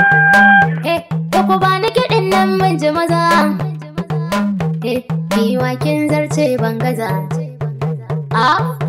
Ka eh, ku ba ni kiɗin nan mun ji maza. Eh, ni wakin zarce ban gaza. Ah,